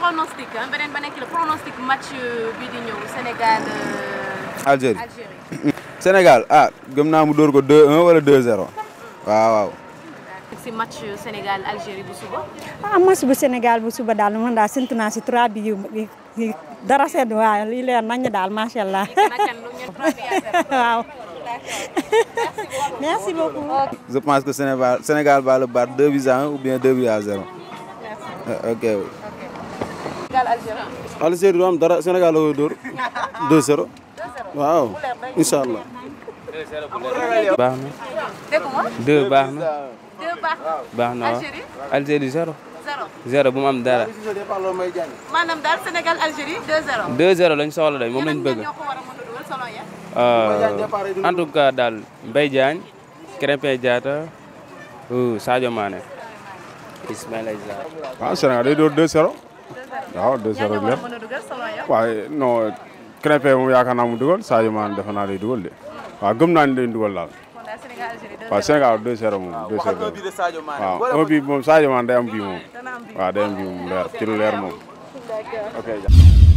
pronostic benen ba ki le pronostic match bi di ñew Sénégal. Euh, Algérie Algérie. Sénégal ah gëm na mu door ko 2-1 wala 2-0 waaw waaw. si match Sénégal Algérie bu suba. ah match bu Sénégal bu suba dal man daal séntu naa si 3 bi yu dara sedd wa li leer nañu daal macha allah. waaw. Merci beaucoup. Je pense que Sénégal, Sénégal va le battre 2 buts à 1 ou bien 2 buts à 0. Algérie du am dara Sénégal la koy dóor 2-0 waaw incha allah. baax na. deux baax na. baax na waaw. Algérie zéro. zéro bu mu am dara. maanaam daal Sénégal Algérie 2-0. 2-0 lañ soxla day mom lañ bëgg. Euh, en tout cas daal Mbaye Diagne Diata euh Sadio Mané. Ismaël Sarr. waaw Sénégal day door 2-0. waaw 2-0 ak Lerr waaye non Krépin moom yaakaar naa mu dugal Sadio ma defe naa lay dugal de hmm. waaw gëm naa ni lay dugal daal. waaw Sénégal 2-0 moom 2-0 ah, waaw un but moom Sadio Mané day am bii moom waaw day am bii moom leer ci lu leer moom ok.